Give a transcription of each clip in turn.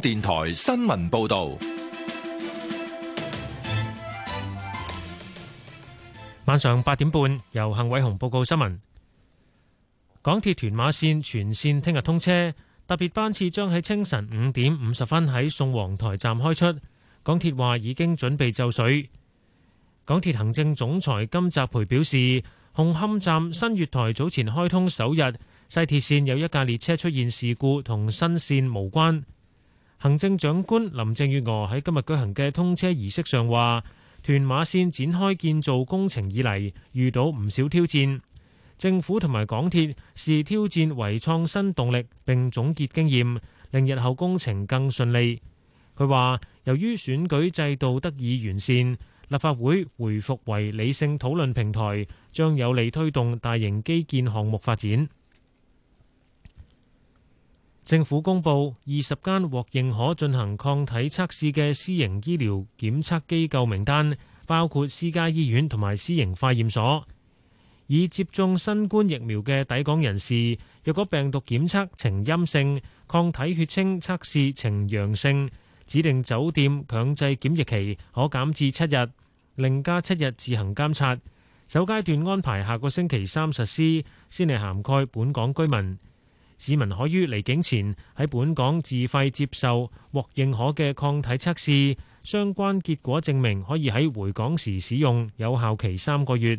電台新聞報道：晚上八點半，由幸偉雄報告新聞。港鐵屯馬線全線聽日通車，特別班次將喺清晨五點五十分喺宋皇台站開出。港鐵話已經準備就緒。港鐵行政總裁金澤培表示，紅磡站新月台早前開通首日，西鐵線有一架列車出現事故，同新線無關。行政長官林鄭月娥喺今日舉行嘅通車儀式上話，屯馬線展開建造工程以嚟，遇到唔少挑戰。政府同埋港鐵視挑戰為創新動力，並總結經驗，令日後工程更順利。佢話，由於選舉制度得以完善，立法會回復為理性討論平台，將有利推動大型基建項目發展。政府公布二十間獲認可進行抗體測試嘅私營醫療檢測機構名單，包括私家醫院同埋私營化驗所。已接種新冠疫苗嘅抵港人士，若果病毒檢測呈陰性，抗體血清測試呈陽性，指定酒店強制檢疫期可減至七日，另加七日自行監察。首階段安排下個星期三實施，先嚟，涵蓋本港居民。市民可於離境前喺本港自費接受獲認可嘅抗體測試，相關結果證明可以喺回港時使用，有效期三個月。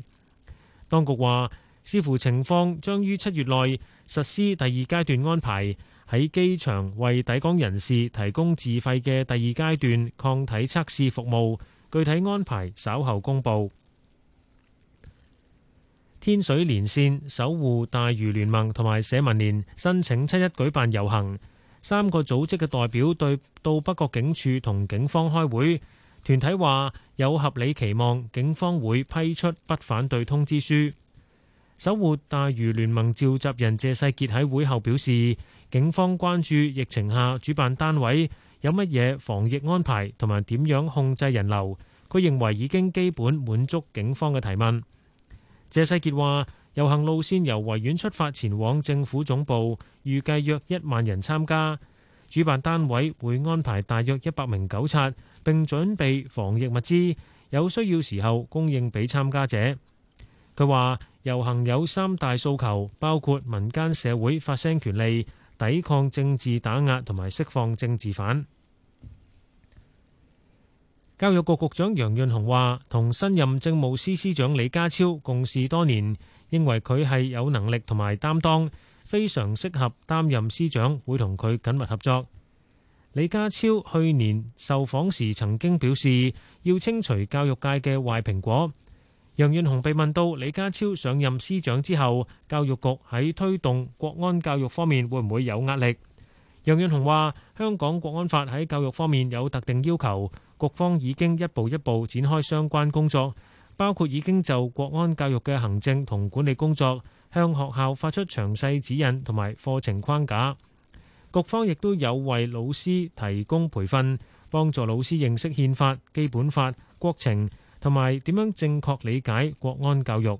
當局話，視乎情況，將於七月內實施第二階段安排，喺機場為抵港人士提供自費嘅第二階段抗體測試服務，具體安排稍後公布。天水連線、守護大嶼聯盟同埋社民連申請七一舉辦遊行，三個組織嘅代表對到北角警署同警方開會，團體話有合理期望，警方會批出不反對通知書。守護大嶼聯盟召集人謝世傑喺會後表示，警方關注疫情下主辦單位有乜嘢防疫安排同埋點樣控制人流，佢認為已經基本滿足警方嘅提問。謝世傑話：遊行路線由維園出發前往政府總部，預計約一萬人參加。主辦單位會安排大約一百名警察，並準備防疫物資，有需要時候供應俾參加者。佢話遊行有三大訴求，包括民間社會發聲權利、抵抗政治打壓同埋釋放政治犯。教育局局長楊潤雄話，同新任政務司司長李家超共事多年，認為佢係有能力同埋擔當，非常適合擔任司長，會同佢緊密合作。李家超去年受訪時曾經表示，要清除教育界嘅壞蘋果。楊潤雄被問到李家超上任司長之後，教育局喺推動國安教育方面會唔會有壓力？楊潤雄話，香港國安法喺教育方面有特定要求。局方已經一步一步展開相關工作，包括已經就國安教育嘅行政同管理工作向學校發出詳細指引同埋課程框架。局方亦都有為老師提供培訓，幫助老師認識憲法、基本法、國情同埋點樣正確理解國安教育。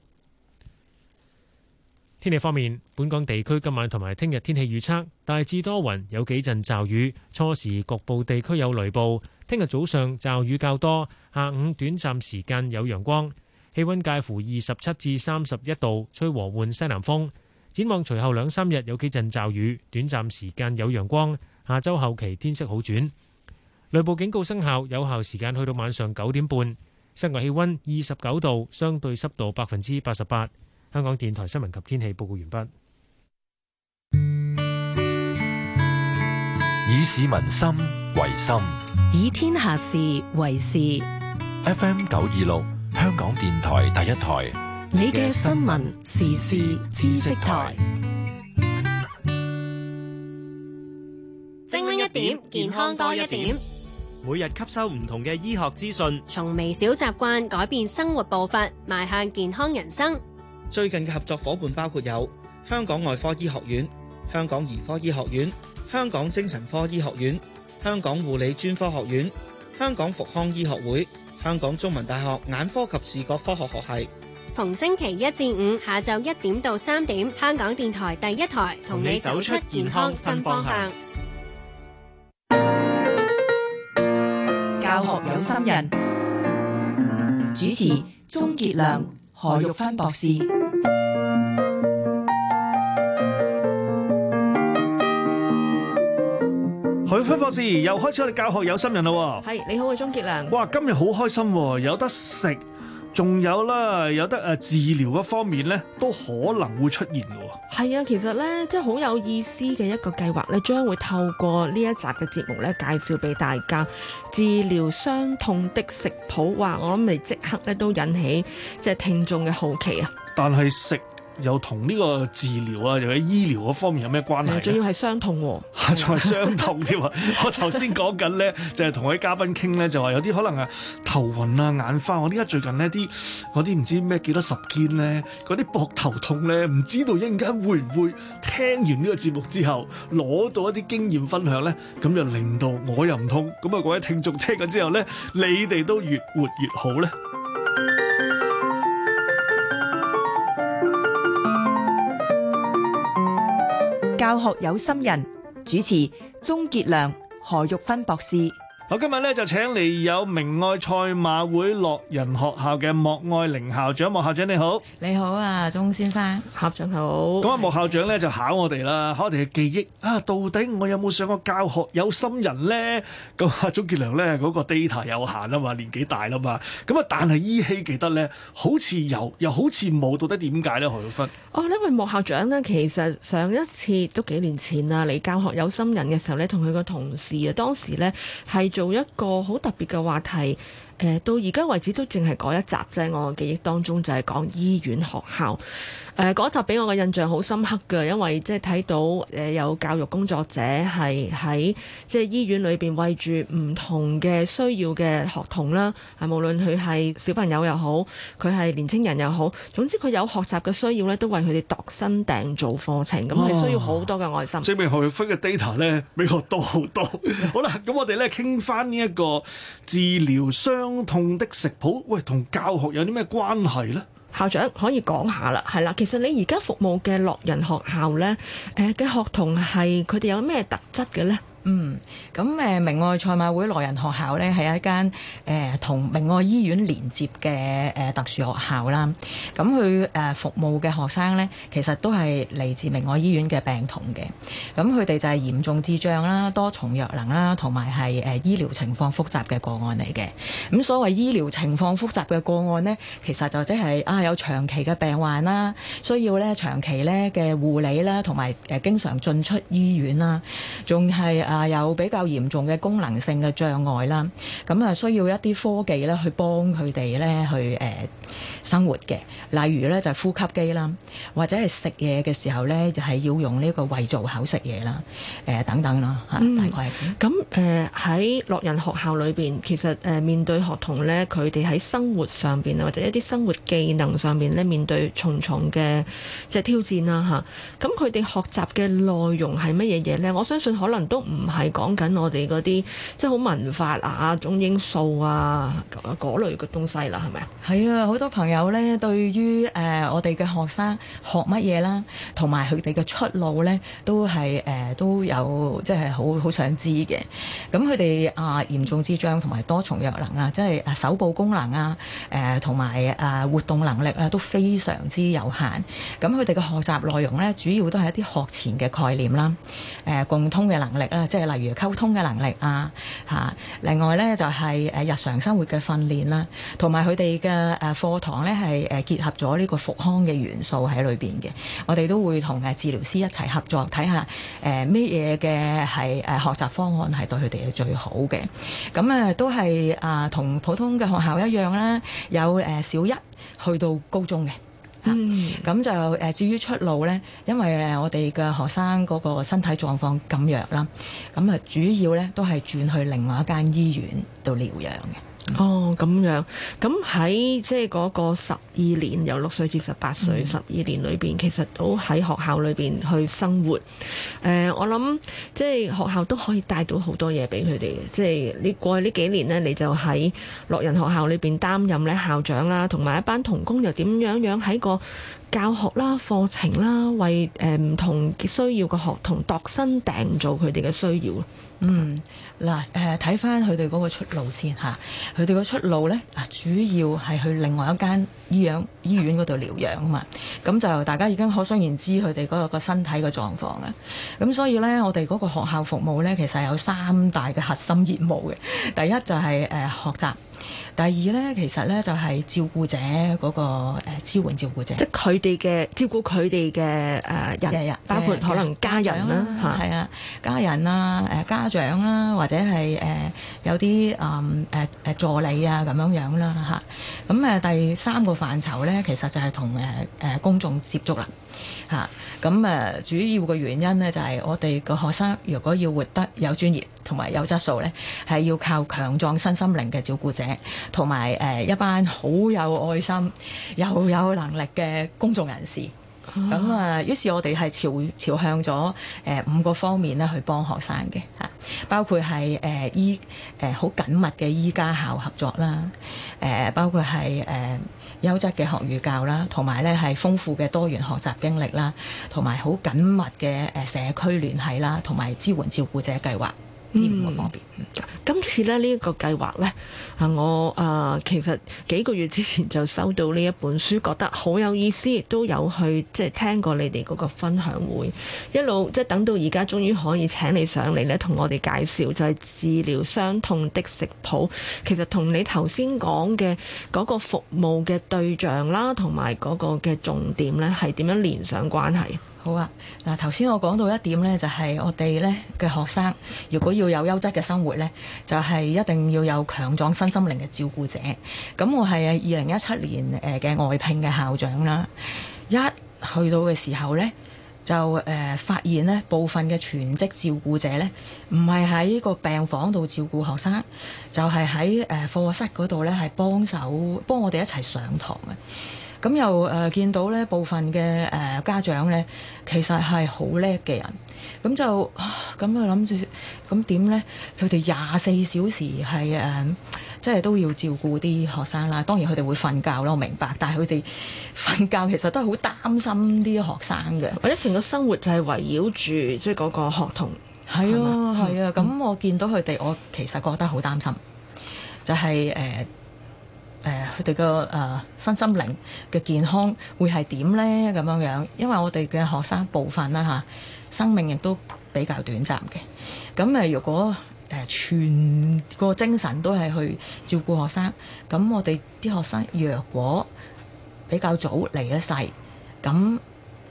天氣方面，本港地區今晚同埋聽日天氣預測大致多雲，有幾陣驟雨，初時局部地區有雷暴。聽日早上驟雨較多，下午短暫時間有陽光，氣溫介乎二十七至三十一度，吹和緩西南風。展望隨後兩三日有幾陣驟雨，短暫時間有陽光。下周後期天色好轉。雷暴警告生效，有效時間去到晚上九點半。室外氣溫二十九度，相對濕度百分之八十八。香港電台新聞及天氣報告完畢。以市民心為心。以天下事為事。F. M. 九二六香港電台第一台，你嘅新聞時事知識台，精靈一點，健康多一點。每日吸收唔同嘅醫學資訊，從微小習慣改變生活步伐，邁向健康人生。最近嘅合作伙伴包括有香港外科醫學院、香港兒科醫學院、香港精神科醫學院。香港護理專科學院、香港復康醫學會、香港中文大學眼科及視覺科學學系，逢星期一至五下晝一點到三點，香港電台第一台同你走出健康新方向。學教學有心人，主持鍾傑良、何玉芬博士。潘 博士又開始我哋教學有心人咯，係，你好啊，鍾傑良。哇，今日好開心，有得食，仲有啦，有得誒、呃、治療嘅方面咧，都可能會出現嘅。係啊，其實咧即係好有意思嘅一個計劃咧，將會透過呢一集嘅節目咧介紹俾大家治療傷痛的食譜。哇，我諗你即刻咧都引起即係聽眾嘅好奇啊。但係食。又同呢個治療啊，又喺醫療嗰方面有咩關係呢？仲要係傷痛喎、哦，仲係傷痛添。 我頭先講緊咧，就係同位嘉賓傾咧，就話有啲可能啊頭暈啊眼花，我依家最近呢啲嗰啲唔知咩幾多十肩咧，嗰啲膊頭痛咧，唔知道一陣間會唔會聽完呢個節目之後攞到一啲經驗分享咧，咁就令到我又唔痛，咁啊各位聽眾聽咗之後咧，你哋都越活越好咧。教學有心人主持鍾杰良、何玉芬博士。好，今日咧，就請嚟有明愛賽馬會樂仁學校嘅莫愛玲校長。莫校長你好，你好啊，鍾先生，校長好。咁啊，莫校長咧的就考我哋啦，考我哋嘅記憶啊，到底我有冇上過教學有心人咧？咁啊，鍾傑良咧嗰個 data 有限啊嘛，年紀大啦嘛，咁啊，但係依稀記得咧，好似有，又好似冇，到底點解咧？何玉芬。哦，因為莫校長咧，其實上一次都幾年前啊嚟教學有心人嘅時候咧，同佢個同事啊，當時咧係。做一個好特別嘅話題。誒到而家為止都淨係嗰一集即係我記憶當中就係講醫院學校。誒、呃、嗰一集俾我嘅印象好深刻㗎，因為即係睇到誒有教育工作者係喺即係醫院裏面，為住唔同嘅需要嘅學童啦，係無論佢係小朋友又好，佢係年青人又好，總之佢有學習嘅需要咧，都為佢哋度身訂造課程，咁係、哦、需要好多嘅愛心。正面學業分嘅 data 呢比較多好多。 好啦，咁我哋咧傾翻呢一個治療傷傷痛的食譜，喂，同教學有啲咩關係呢？校長可以講下啦，係啦，其實你而家服務嘅樂仁學校呢誒嘅學童係佢哋有咩特質嘅呢？嗯，咁誒明愛賽馬會樂仁學校咧係一間誒同明愛醫院連接嘅誒特殊學校啦。咁佢誒服務嘅學生咧，其實都係嚟自明愛醫院嘅病童嘅。咁佢哋就係嚴重智障啦、多重弱能啦，同埋係誒醫療情況複雜嘅個案嚟嘅。咁所謂醫療情況複雜嘅個案咧，其實就即係啊有長期嘅病患啦，需要咧長期咧嘅護理啦，同埋誒經常進出醫院啦，仲係誒。啊，有比較嚴重嘅功能性嘅障礙啦，咁啊需要一啲科技咧去幫佢哋咧去誒。生活嘅，例如咧就係呼吸機啦，或者係食嘢嘅時候咧就係要用呢個胃造口食嘢啦，誒等等啦吓。大概。咁誒喺樂仁學校裏邊，其實誒、呃、面對學童咧，佢哋喺生活上邊啊，或者一啲生活技能上邊咧，面對重重嘅即係挑戰啦吓。咁佢哋學習嘅內容係乜嘢嘢咧？我相信可能都唔係講緊我哋嗰啲即係好文化啊、中英數啊嗰類嘅東西啦，係咪啊？係啊。好多朋友咧，對於誒我哋嘅學生學乜嘢啦，同埋佢哋嘅出路咧，都係誒都有即係好好想知嘅。咁佢哋啊嚴重智障同埋多重弱能啊，即係手部功能啊，誒同埋啊活動能力啊都非常之有限。咁佢哋嘅學習內容咧，主要都係一啲學前嘅概念啦，誒共通嘅能力啦，即係例如溝通嘅能力啊嚇。另外咧就係誒日常生活嘅訓練啦，同埋佢哋嘅誒。課堂呢係誒結合咗呢個復康嘅元素喺裏邊嘅，我哋都會同誒治療師一齊合作，睇下誒咩嘢嘅，係誒學習方案係對佢哋係最好嘅。咁啊都係啊同普通嘅學校一樣啦，有誒小一去到高中嘅吓，咁就誒至於出路呢，因為誒我哋嘅學生嗰個身體狀況咁弱啦，咁啊主要呢都係轉去另外一間醫院度療養嘅。哦，咁樣，咁喺即係嗰個十二年，由六歲至十八歲十二年裏面其實都喺學校裏面去生活。誒，我諗即係學校都可以帶到好多嘢俾佢哋嘅。即係你過去呢幾年呢，你就喺樂仁學校裏面擔任咧校長啦，同埋一班同工又點樣樣喺個教學啦、課程啦，為誒唔同需要嘅學童度身訂造佢哋嘅需要。嗯，嗱，誒睇返佢哋嗰個出路先嚇，佢哋個出路呢，嗱主要係去另外一間醫養醫院嗰度療養嘛，咁就大家已經可想而知佢哋嗰個身體嘅狀況啊，咁所以呢，我哋嗰個學校服務呢，其實有三大嘅核心業務嘅，第一就係誒學習。第二咧，其實咧就係照顧者嗰個誒支援照顧者，即係佢哋嘅照顧佢哋嘅誒人，的包括可能家人啦，係啊，家人啊，誒家長啦，或者係誒有啲誒誒助理啊咁樣樣啦嚇。咁誒第三個範疇咧，其實就係同誒誒公眾接觸啦。吓，咁誒主要嘅原因咧，就係我哋個學生，如果要活得有專業同埋有質素咧，係要靠強壯身心靈嘅照顧者，同埋誒一班好有愛心又有，有能力嘅公眾人士。咁啊，於是我哋係朝朝向咗誒、呃、五個方面咧去幫學生嘅吓，包括係誒醫誒好緊密嘅醫家校合作啦，誒、呃、包括係誒優質嘅學與教啦，同埋咧係豐富嘅多元學習經歷啦，同埋好緊密嘅誒社區聯繫啦，同埋支援照顧者計劃。方面、嗯，今次咧呢一個計劃呢，啊我啊、呃、其實幾個月之前就收到呢一本書，覺得好有意思，亦都有去即係聽過你哋嗰個分享會，一路即係等到而家，終於可以請你上嚟呢，同我哋介紹就係、是、治療傷痛的食譜。其實同你頭先講嘅嗰個服務嘅對象啦，同埋嗰個嘅重點呢，係點樣連上關係？好啊！嗱，頭先我講到一點呢，就係我哋呢嘅學生，如果要有優質嘅生活呢，就係一定要有強壯身心靈嘅照顧者。咁我係二零一七年誒嘅外聘嘅校長啦，一去到嘅時候呢，就誒發現呢部分嘅全職照顧者呢，唔係喺個病房度照顧學生，就係喺誒課室嗰度呢，係幫手幫我哋一齊上堂嘅。咁又誒、呃、見到咧部分嘅，呃、家長咧，其實係好叻嘅人。咁就咁啊諗住咁點咧？佢哋廿四小時係誒，呃，即係都要照顧啲學生啦。當然佢哋會瞓覺咯，我明白。但係佢哋瞓覺其實都係好擔心啲學生嘅，或者成個生活就係圍繞住即係嗰個學童。係啊，係啊。咁，嗯、我見到佢哋，我其實覺得好擔心，就係、誒誒，佢哋嘅誒身心靈嘅健康會係點呢？咁樣樣？因為我哋嘅學生部分啦嚇、啊，生命亦都比較短暫嘅。咁誒，如果誒、呃、全個精神都係去照顧學生，咁我哋啲學生若果比較早離一世，咁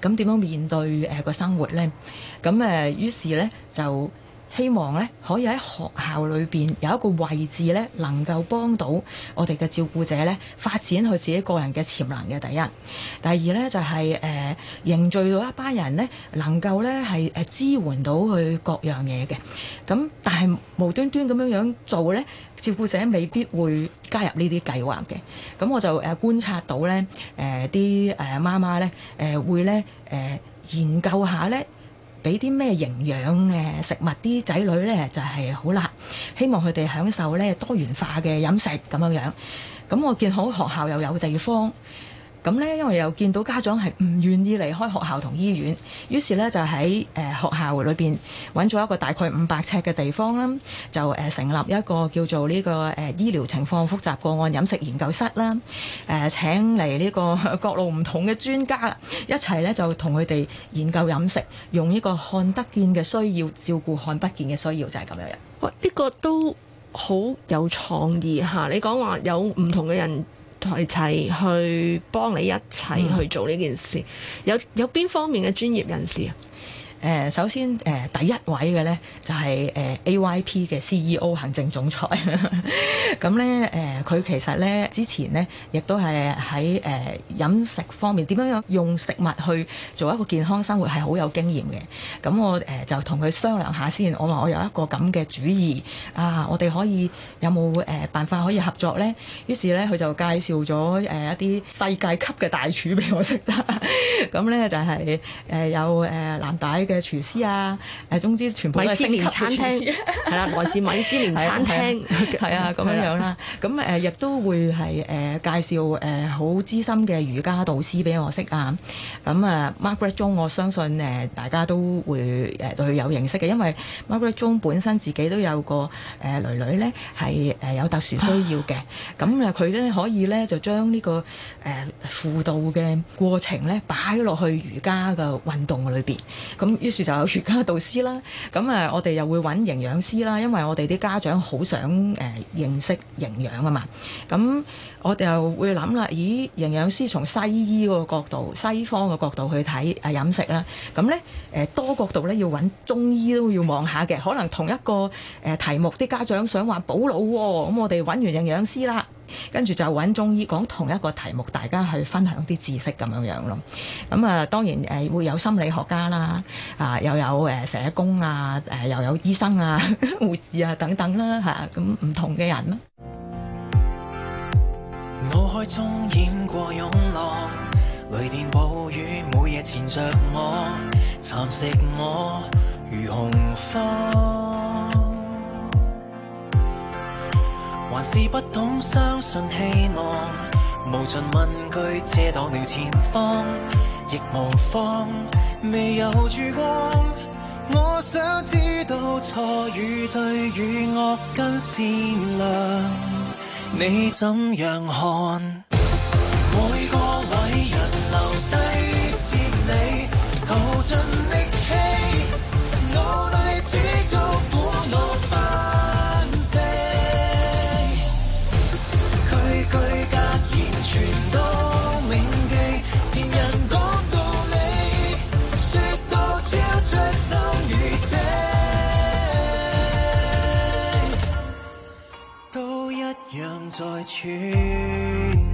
咁點樣面對誒個、呃、生活呢？咁誒、呃，於是呢，就。希望咧可以喺學校裏邊有一個位置咧，能夠幫到我哋嘅照顧者咧發展佢自己個人嘅潛能嘅第一。第二咧就係、是、誒、呃、凝聚到一班人咧，能夠咧係誒支援到佢各樣嘢嘅。咁但係無端端咁樣樣做咧，照顧者未必會加入呢啲計劃嘅。咁我就誒觀察到咧，誒啲誒媽媽咧誒、呃、會咧誒、呃、研究下咧。俾啲咩營養嘅食物啲仔女呢？就係好啦。希望佢哋享受多元化嘅飲食咁樣樣。咁我見好學校又有地方。咁呢，因為又見到家長係唔願意離開學校同醫院，於是呢，就喺誒學校裏邊揾咗一個大概五百尺嘅地方啦，就誒成立一個叫做呢個誒醫療情況複雜個案飲食研究室啦，誒、呃、請嚟呢個各路唔同嘅專家一齊呢，就同佢哋研究飲食，用呢個看得見嘅需要照顧看不見嘅需要，就係咁樣樣。哇！呢、呢個都好有創意嚇，你講話有唔同嘅人。一齊去幫你一齊去做呢件事，有有邊方面嘅專業人士啊？誒、呃、首先誒、呃、第一位嘅咧就係、是、誒、呃、AYP 嘅 CEO 行政總裁，咁咧誒佢其實咧之前咧亦都係喺誒飲食方面點樣用食物去做一個健康生活係好有經驗嘅，咁我誒就同佢商量一下先，我話我有一個咁嘅主意啊，我哋可以有冇誒、呃、辦法可以合作咧？於是咧佢就介紹咗誒一啲世界級嘅大廚俾我食啦，咁 咧就係誒有誒藍帶嘅。呃呃嘅廚師啊，誒總之全部都係星級嘅廚師，係啦， 來自米芝蓮餐廳，係 啊，咁、啊啊啊 啊、樣樣、啊、啦。咁誒亦都會係誒、呃、介紹誒好資深嘅瑜伽導師俾我識啊。咁啊，Margaret 中我相信誒大家都會誒對佢有認識嘅，因為 Margaret 中本身自己都有個誒、呃、囡囡咧係誒有特殊需要嘅。咁啊， 佢咧可以咧就將呢、這個誒輔、呃、導嘅過程咧擺落去瑜伽嘅運動裏邊，咁、嗯。於是就有瑜伽導師啦，咁我哋又會揾營養師啦，因為我哋啲家長好想、呃、認識營養啊嘛，咁。我哋又會諗啦，咦？營養師從西醫嗰個角度、西方嘅角度去睇飲食啦，咁呢，多角度呢，要揾中醫都要望下嘅，可能同一個誒題目，啲家長想話補腦喎，咁、哦、我哋揾完營養師啦，跟住就揾中醫講同一個題目，大家去分享啲知識咁樣樣咯。咁啊，當然誒會有心理學家啦，啊又有社工啊，又有醫生啊、護士啊等等啦，嚇咁唔同嘅人啦。腦海中演過湧浪，雷電暴雨每夜纏着我，蠶食我如紅花，還是不懂相信希望，無盡問句遮擋了前方，亦無方，未有曙光。我想知道錯與對與惡跟善良。你怎樣看？每個偉人留低哲理，透進的氣，努力始終。再穿。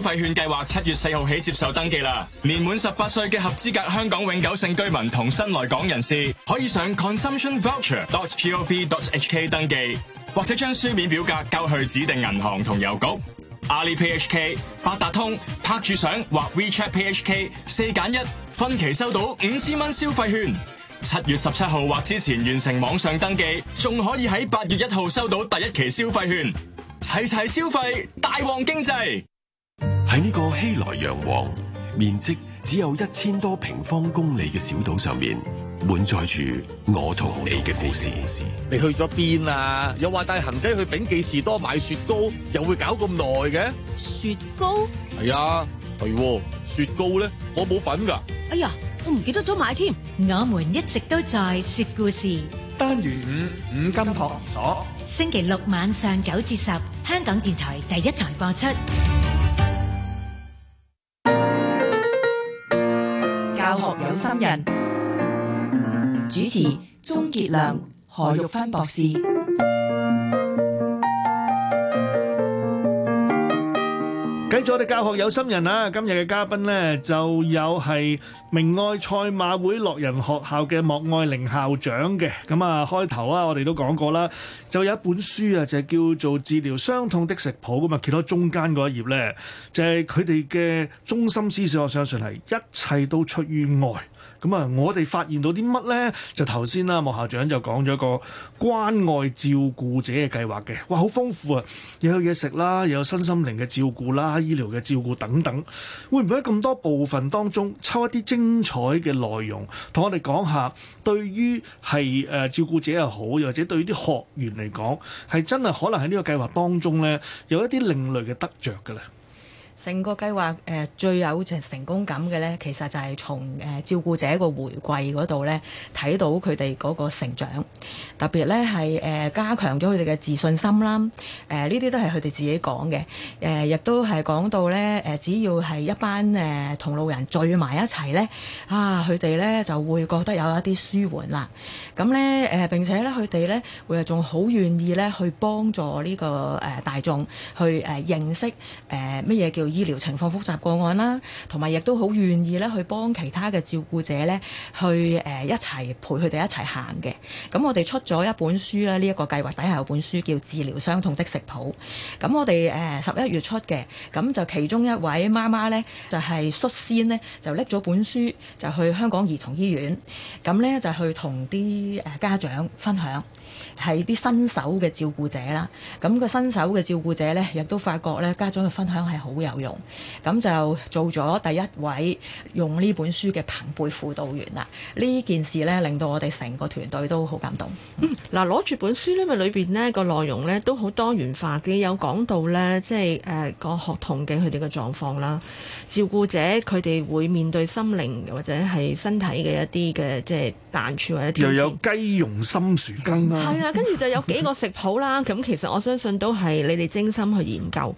消費券計劃七月四號起接受登記啦，年滿十八歲嘅合資格香港永久性居民同新來港人士，可以上 consumptionvoucher.gov.hk 登記，或者將書面表格交去指定銀行同郵局 k,，AlipayHK、八達通、拍住賞或 WeChat Pay HK 四揀一分期收到五千蚊消費券，七月十七號或之前完成網上登記，仲可以喺八月一號收到第一期消費券，齊齊消費，齊齊消費大旺經濟。喺呢個熙來攘往、面積只有一千多平方公里嘅小島上面，滿載住我同你嘅故事。你去咗邊啊？又話帶恆仔去炳記士多買雪糕，又會搞咁耐嘅雪糕？係啊，係喎，雪糕呢，我冇份㗎。哎呀，我唔記得咗買添。我們一直都在說故事。單元五五間托兒所，星期六晚上九至十，香港電台第一台播出。有心人，嗯、主持鍾杰良、何玉芬博士。繼續我哋教學有心人啊！今日嘅嘉賓呢，就有係明愛賽馬會樂仁學校嘅莫愛玲校長嘅。咁啊開頭啊，我哋都講過啦，就有一本書啊，就係叫做《治療傷痛的食譜》。咁啊，揭開中間嗰一頁呢，就係佢哋嘅中心思想，我相信係一切都出於愛。咁啊，我哋發現到啲乜呢？就頭先啦，莫校長就講咗個關愛照顧者嘅計劃嘅，哇，好豐富啊！有嘢食啦，有，有身心靈嘅照顧啦，醫療嘅照顧等等。會唔會喺咁多部分當中抽一啲精彩嘅內容，同我哋講下？對於係誒照顧者又好，又或者對於啲學員嚟講，係真係可能喺呢個計劃當中呢，有一啲另類嘅得著㗎喇。成個計劃誒最有成成功感嘅咧，其實就係從誒照顧者個回饋 𠮶 度咧，睇到佢哋 𠮶 個成長，特別咧係誒加強咗佢哋嘅自信心啦。誒呢啲都係佢哋自己講嘅。誒亦都係講到咧誒，只要係一班誒同路人聚埋一齊咧，啊佢哋咧就會覺得有一啲舒緩啦。咁咧誒並且咧佢哋咧會仲好願意咧去幫助呢個誒大眾去誒認識誒乜嘢叫。醫療情況複雜個案啦，同埋亦都好願意咧，去幫其他嘅照顧者咧，去、呃、誒一齊陪佢哋一齊行嘅。咁我哋出咗一本書啦，呢、這、一個計劃底下有本書叫《治療傷痛的食譜》。咁我哋誒十一月出嘅，咁就其中一位媽媽咧，就係、是、率先呢，就拎咗本書就去香港兒童醫院，咁咧就去同啲誒家長分享。係啲新手嘅照顧者啦，咁、個新手嘅照顧者呢，亦都發覺呢家長嘅分享係好有用，咁就做咗第一位用呢本書嘅朋輩輔導員啦。呢件事呢，令到我哋成個團隊都好感動。嗱、嗯，攞住本書裏面呢，因為裏邊呢個內容呢，都好多元化嘅，有講到呢，即係誒個學童嘅佢哋嘅狀況啦，照顧者佢哋會面對心靈或者係身體嘅一啲嘅即係難處或者又有雞茸參薯羹啦、啊。跟住就有幾個食譜啦，咁其實我相信都係你哋精心去研究。誒、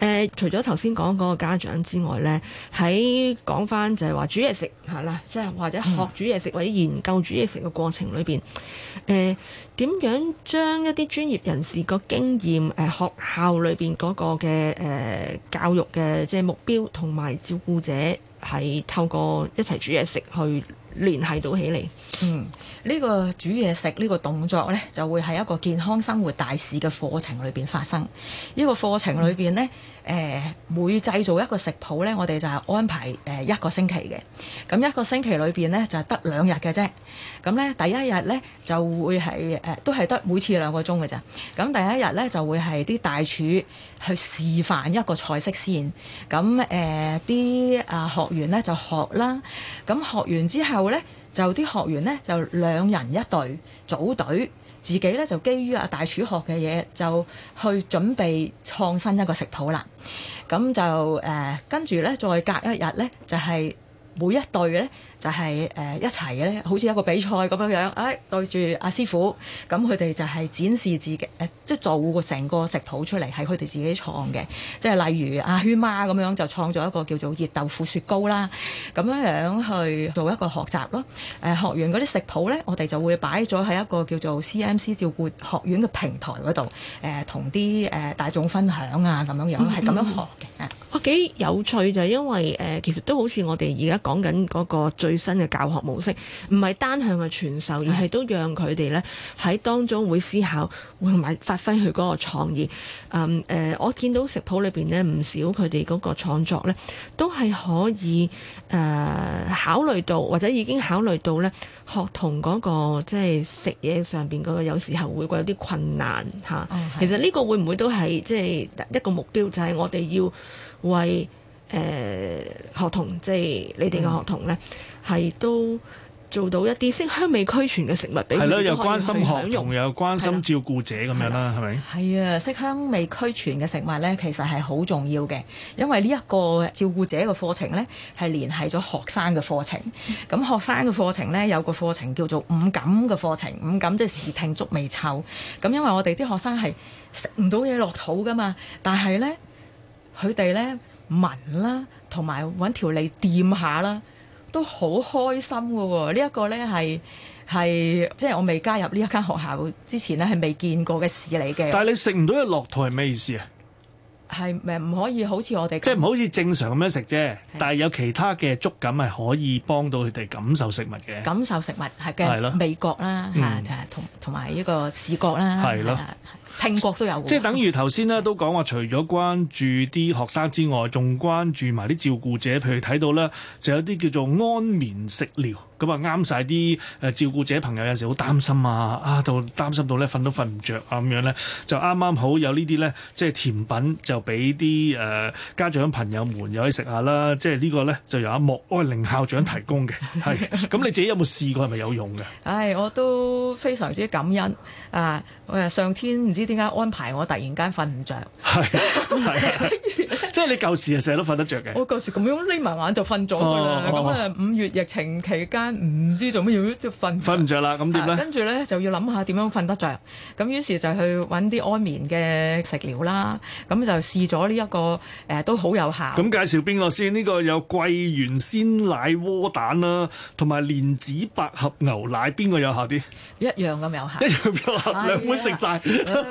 呃，除咗頭先講嗰個家長之外呢，喺講返就係話煮嘢食係啦，即係、就是、或者學煮嘢食或者研究煮嘢食嘅過程裏邊，誒、呃、點樣將一啲專業人士個經驗，誒、呃、學校裏邊嗰個嘅誒、呃、教育嘅即係目標同埋照顧者係透過一齊煮嘢食去。聯繫到起嚟，嗯，呢、這個煮嘢食呢、這個動作呢，就會係一個健康生活大使嘅課程裏邊發生。呢、這個課程裏邊呢，誒、嗯、每製造一個食譜呢，我哋就係安排誒一個星期嘅。咁一個星期裏邊呢，就係得兩日嘅啫。咁呢，第一日呢，就會係誒、呃、都係得每次兩個鐘嘅咋。咁第一日呢，就會係啲大廚，去示範一個菜式先，咁誒啲啊學員呢就學啦，咁學完之後呢，就啲學員呢就兩人一隊組隊，自己呢就基於阿大廚學嘅嘢，就去準備創新一個食譜啦。咁就誒跟住呢，再隔一日呢，就係每一隊呢，就係、是、誒、呃、一齊嘅咧，好似一個比賽咁樣樣，誒、哎、對住阿、啊、師傅，咁佢哋就係展示自己，即、呃、係、就是、做成個食譜出嚟，係佢哋自己創嘅。即係例如阿軒媽咁樣就創咗一個叫做熱豆腐雪糕啦，咁樣樣去做一個學習咯。誒、呃、學完嗰啲食譜咧，我哋就會擺咗喺一個叫做 CMC 照顧學院嘅平台嗰度，誒同啲誒大眾分享啊咁樣樣，係咁、嗯嗯、樣學嘅。哇，幾有趣就係因為、呃、其實都好似我哋而家講緊嗰個最新嘅教學模式，唔係單向嘅傳授，而係都讓佢哋呢喺當中會思考，同埋發揮佢嗰個創意、嗯呃。我見到食譜裏面呢，唔少佢哋嗰個創作呢，都係可以、呃、考慮到，或者已經考慮到呢，學童嗰個即係食嘢上面嗰個，有時候會覺得有啲困難、嗯、其實呢個會唔會都係即係一個目標，就係我哋要。為誒、呃、學童，即係你哋嘅學童呢，係、嗯、都做到一啲色香味俱全嘅食物俾佢哋都可以享用。又關心學童，又關心照顧者咁樣啦，係咪？係啊，色香味俱全嘅食物呢，其實係好重要嘅，因為呢一個照顧者嘅課程呢，係聯繫咗學生嘅課程。咁學生嘅課程呢，有個課程叫做五感嘅課程，五感即係視聽觸味嗅。咁因為我哋啲學生係食唔到嘢落肚㗎嘛，但係呢。佢哋咧聞啦，同埋揾條脷掂下啦，都好開心嘅喎、哦。這個，呢一個咧係係即係我未加入呢一間學校之前咧係未見過嘅事嚟嘅。但係你食唔到嘅樂趣係咩意思啊？係咪唔可以好似我哋即係唔好似正常咁樣食啫，的但係有其他嘅觸感係可以幫到佢哋感受食物嘅感受食物係嘅味覺啦啊，同同埋一個視覺啦。係咯的。聽過都有，即係等於頭先咧都講話，除咗關注啲學生之外，仲關注埋啲照顧者，譬如睇到咧，就有啲叫做安眠食療。咁啊，啱晒啲誒，照顧者朋友有時好擔心啊，啊到擔心到咧，瞓都瞓唔着，啊咁樣咧，就啱啱好有呢啲咧，即係甜品就俾啲誒，家長朋友們又去食下啦，即係呢個咧就由阿，啊，莫愛玲，哎，校長提供嘅，係咁你自己有冇試過係咪有用嘅？唉， 哎，我都非常之感恩啊，誒上天唔知點解安排我突然間瞓唔着。係係，， 啊啊， 即係你舊時啊，成日都瞓得着嘅。我舊時咁樣匿埋眼就瞓咗㗎啦，咁誒五月疫情期間。唔知做乜嘢即係瞓，瞓唔著啦，咁點咧？跟住咧就要諗下點樣瞓得著，咁於是就去揾啲安眠嘅食料啦。咁就試咗呢一個誒，都好有效。咁介紹邊個先？呢個有桂圓鮮奶窩蛋啦，同埋蓮子百合牛奶，邊個有效啲？一樣咁有效。一樣有效，兩碗食曬。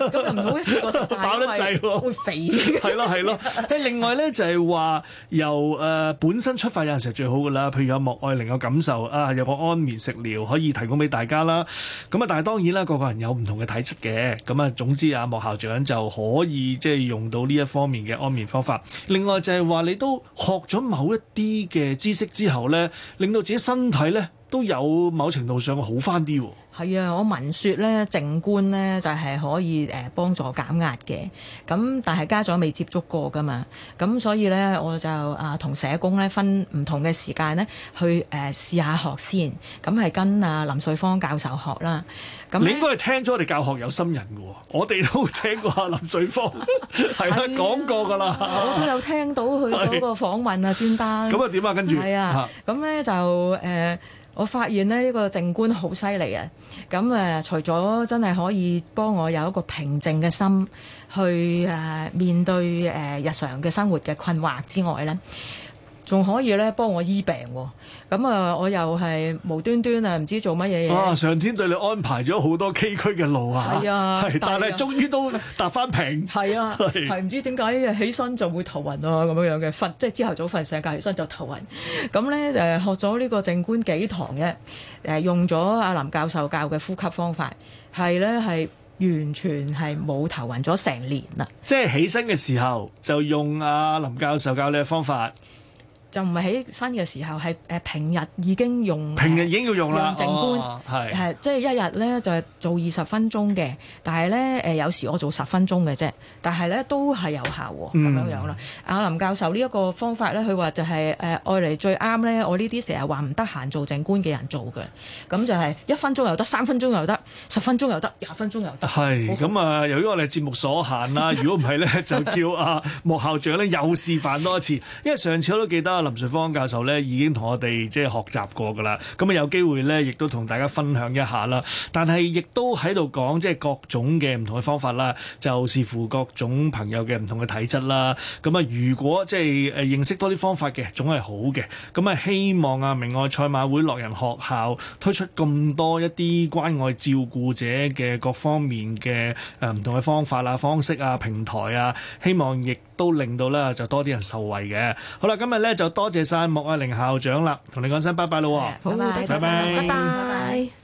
咁唔好食過曬，飽得滯喎。會肥。係咯係咯。誒另外咧就係話由誒本身出發有陣時最好㗎啦，譬如有莫愛玲嘅感受啊。有個安眠食療可以提供俾大家啦，咁啊，但係當然啦，個個人有唔同嘅體質嘅，咁啊，總之啊，莫校長就可以即係、就是、用到呢一方面嘅安眠方法。另外就係話你都學咗某一啲嘅知識之後呢，令到自己身體呢都有某程度上好翻啲。係啊，我文說咧靜觀咧就係、是、可以誒幫助減壓嘅。咁但係家長未接觸過噶嘛，咁所以咧我就啊同社工咧分唔同嘅時間咧去誒、啊、試下學先，咁、啊、係跟啊林瑞芳教授學啦。咁你應該係聽咗我哋教學有心人㗎喎，我哋都聽過阿林瑞芳係 啊、啊講過㗎啦。我都有聽到佢嗰個訪問啊專單。咁啊點啊跟住？係啊，咁咧、啊啊、就誒。啊啊我發現咧，呢個靜觀好犀利啊！咁除咗真係可以幫我有一個平靜嘅心去面對日常嘅生活嘅困惑之外咧。仲可以咧幫我醫病喎，咁啊我又係無端端啊唔知做乜嘢嘢。啊！上天對你安排咗好多崎嶇嘅路啊！係是啊，但係終於都踏翻平。係啊，係唔知點解 起身就會頭暈啊咁樣樣嘅瞓，即係之後早瞓醒，起身就頭暈。咁咧誒學咗呢個靜觀幾堂嘅誒，用咗阿林教授教嘅呼吸方法，係咧係完全係冇頭暈咗成年啦。即係起身嘅時候就用阿林教授教你嘅方法。就唔係喺新嘅時候，係誒平日已經用、呃、平日已經要用啦，靜觀係即係一日咧就係、是、做二十分鐘嘅，但係咧誒有時我做十分鐘嘅啫，但係咧都係有效喎，咁、嗯、樣樣啦。阿林教授呢一個方法咧，佢話就係誒愛嚟最啱咧，我呢啲成日話唔得閒做靜觀嘅人做嘅，咁就係一分鐘又得，三分鐘又得，十分鐘又得，廿分鐘又得。係咁是好啊，由於我哋節目所限啦，如果唔係咧，就叫阿、啊、莫校長咧又示範多一次，因為上次我都記得。林瑞芳教授咧已經同我哋即係學習過㗎啦，咁啊有機會咧，亦都同大家分享一下啦。但係亦都喺度講即係各種嘅唔同嘅方法啦，就視乎各種朋友嘅唔同嘅體質啦。咁啊，如果即係誒認識多啲方法嘅，總係好嘅。咁啊，希望啊明愛賽馬會樂仁學校推出咁多一啲關愛照顧者嘅各方面嘅誒唔同嘅方法啦、方式啊、平台啊，希望亦～都令到咧，就多啲人受惠嘅。好啦，今日咧就多謝晒莫愛玲校長啦，同你講聲拜拜啦，好，拜拜，拜拜。